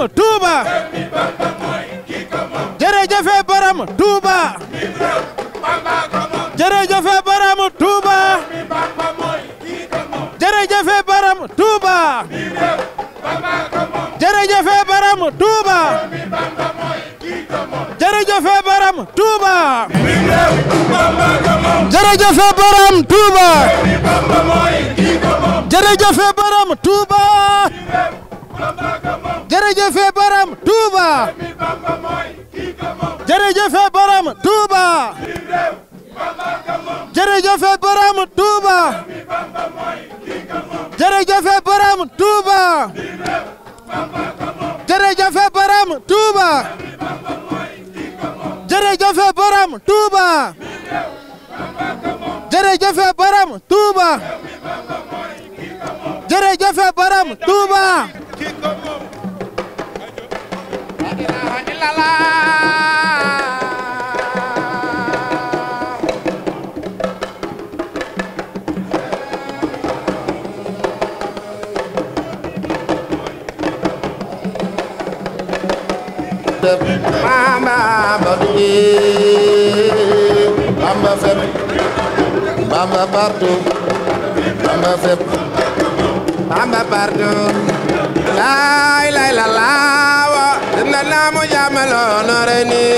borom Touba. jërëjëf borom Touba. jërëjëf borom Touba. jërëjëf borom Touba. jërëjëf borom Touba. jërëjëf borom Touba. jërëjëf borom Touba. jërëjëf borom Touba. jërëjëfe borom Touba jërëjëfe borom Touba jërëjëfe borom Touba jërëjëfe borom Touba Bamba fépp Bamba partout Bamba fépp Bamba partout la ilaha illallah wa inna namu jamalono reni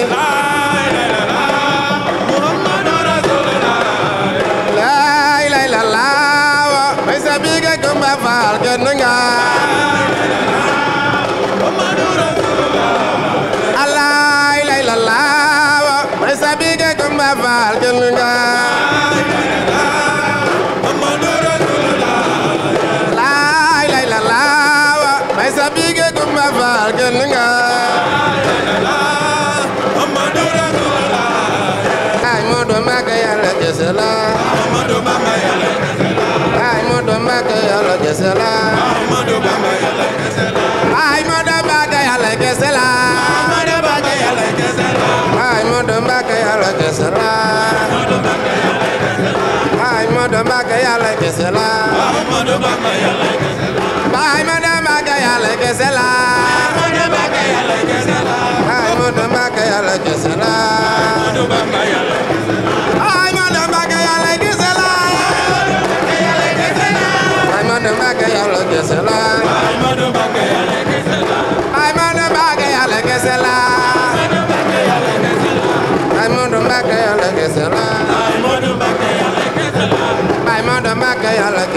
Ahmadou Mbacké yàlla kese la. Ahmadou Mbacké yàlla kese la. Ahmadou Mbacké yàlla kese la. Ahmadou Mbacké yàlla kese la. Ahmadou Mbacké yàlla kese la.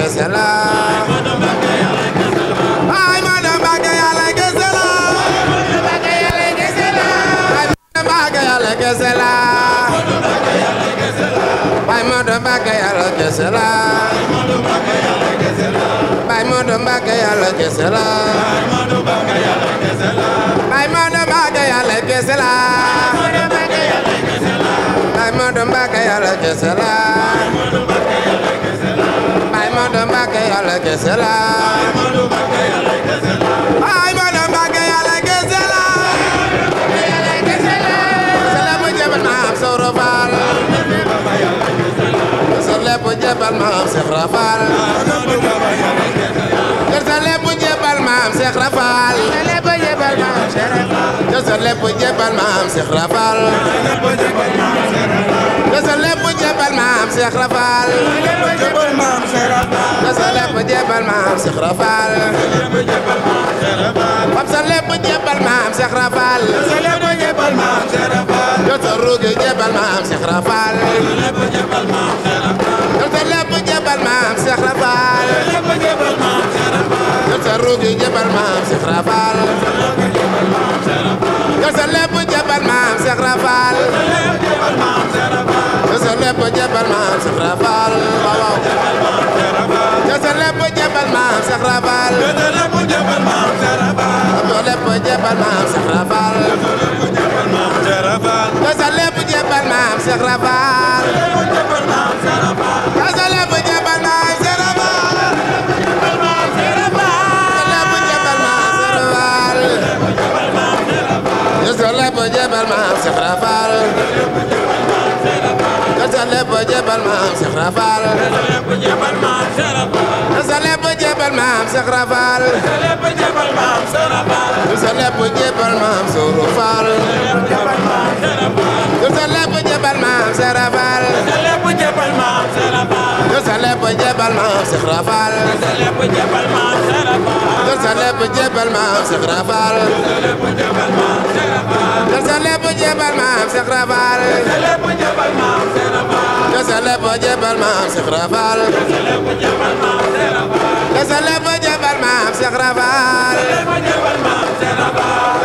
kese la ay madam Mbacké yàlla kese la ay madam Mbacké yàlla yàlla kese la. ay Maodo Mbacke yàlla kese la. salamu jebal ma am Soro Faal. sa lépp jebal ma am Cheikh Rafal. sa lépp jebal ma am Cheikh Rafal. sa lépp jebal ma am Cheikh Rafal. te sa lépp jébbal maam Cheikh Rafal. te sa lépp jébbal maam Cheikh Rafal. fab sa lépp jébbal maam Cheikh Rafal. jot sa ruuge jébbal maam Cheikh Rafal. jot sa lépp jébbal maam Cheikh Rafal. jot sa ruuge jébbal maam Cheikh Rafal. jot sa lépp jébbal maam Cheikh Rafal. jabal maam Cheikh Ibra Fall waaw ca sa lépp jabal maam Cheikh Ibra Fall ca lépp jabal maam Cheikh Ibra Fall ca lépp jabal maam Cheikh Ibra Fall ca lépp jabal maam Cheikh Ibra Fall jébal maam Cheikh Rafal. na sa lépp jébal maam Cheikh Rafal. na sa lépp jébal maam Cheikh Rafal. na sa lépp jébal maam Cheikh Rafal. na sa lépp jébal maam Cheikh Rafal. na sa lépp jébal maam Cheikh Rafal. na sa lépp jébal maam Cheikh Rafal. lépp jébal maam Cheikh Rafal. sa lépp jébal maam Cheikh Rafal. sa lépp jébal maam Cheikh Rafal. sa lépp jébal maam Cheikh Rafal. sa lépp jébal maam Cheikh Rafal. sa lépp jébal maam Cheikh Rafal. sa lépp jébal maam Cheikh Rafal. sa lépp jébal maam Cheikh Rafal. sa lépp jébal maam Cheikh Rafal.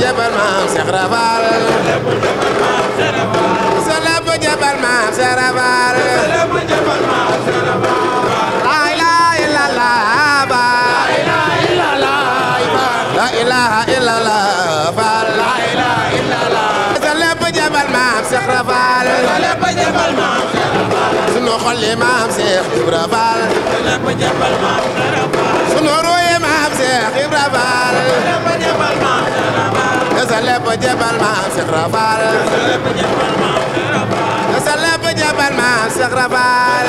jëbal maam Cheikh Raval sa lépp jëbal maam Cheikh Raval la ilaha illallah ba la ilaha illallah ba la ilaha illallah sa lépp jëbal maam Cheikh Raval xolli maam Cheikh Ibra Fall sunu ruuy maam Cheikh Ibra Fall sa lépp jébal maam Cheikh Ibra Fall sa lépp jébal maam Cheikh Ibra Fall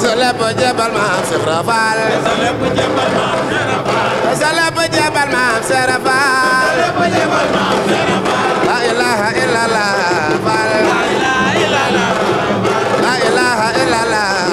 sa lépp jébal maam Cheikh Ibra Fall sa lépp jébal maam Cheikh Ibra Fall la ilaha illallah la ilaha illallah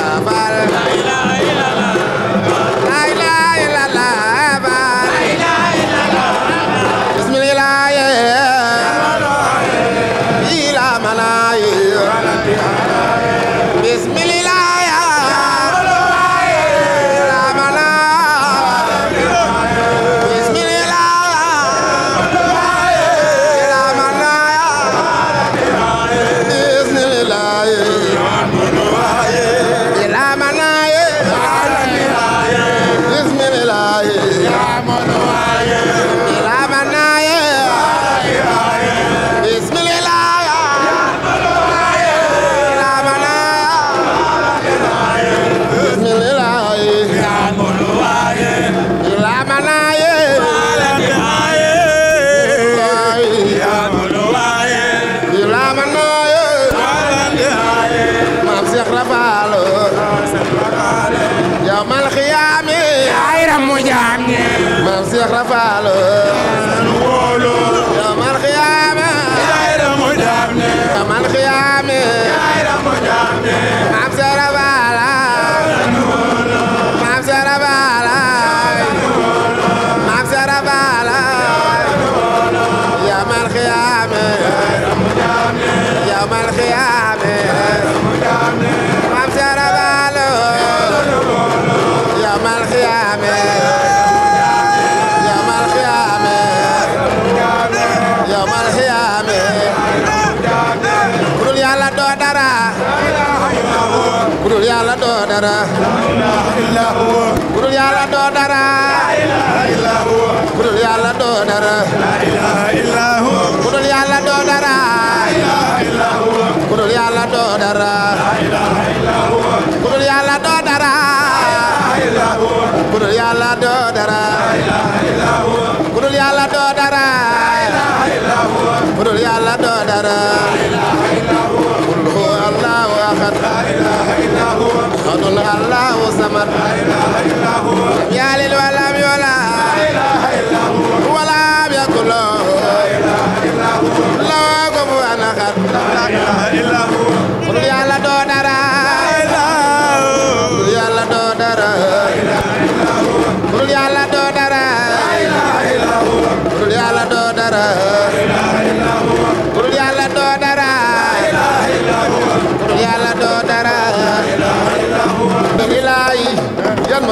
jànge maam Cheikh Rafaalo nu wóolu yamal xiyaame yaay ramu jaame yamal xiyaame yaay ramu jaame maam Cheikh Rafaala maam Cheikh Rafaala maam Cheikh Rafaala yamal xiyaame yamal xiyaame budul yàlla doo dara budul yàlla doo dara budul yàlla doo dara budul yàlla doo dara budul yàlla doo dara budul yàlla doo dara budul yàlla doo dara الأكبر لا إله إلا هو يا ليل ولم يولد لا إله إلا هو ولم يكن له لا إله إلا هو له كفوا أحد لا إله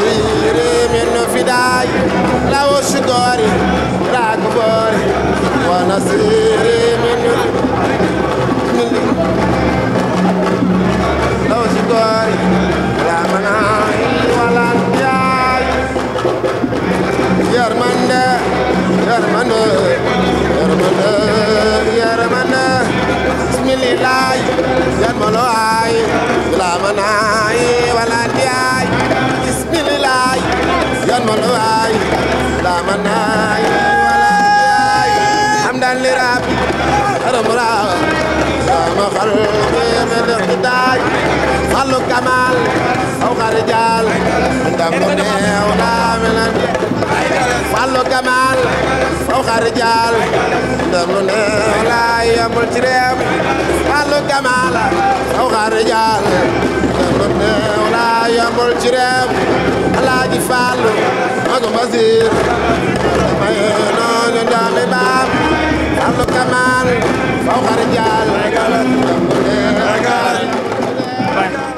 نصير من فداي لو شدوري لا كبوري ونصير من لو شدوري لا مناعي ولا انتهاي يرمن يرمن يرمن يرمن بسم الله يرمن لا مناعي من واي لا من هاي ولا ياي حمدا لرب رمرا سام خلقي من خداي خلق كمال أو رجال دمني ولا من خلق كمال أو رجال دمني ولا يمل تريم خلق كمال أو رجال دمني yombul ci réew alaaji Fàllu magu masir maye noonu doomi baam Fàllu Kamal faw xar jaal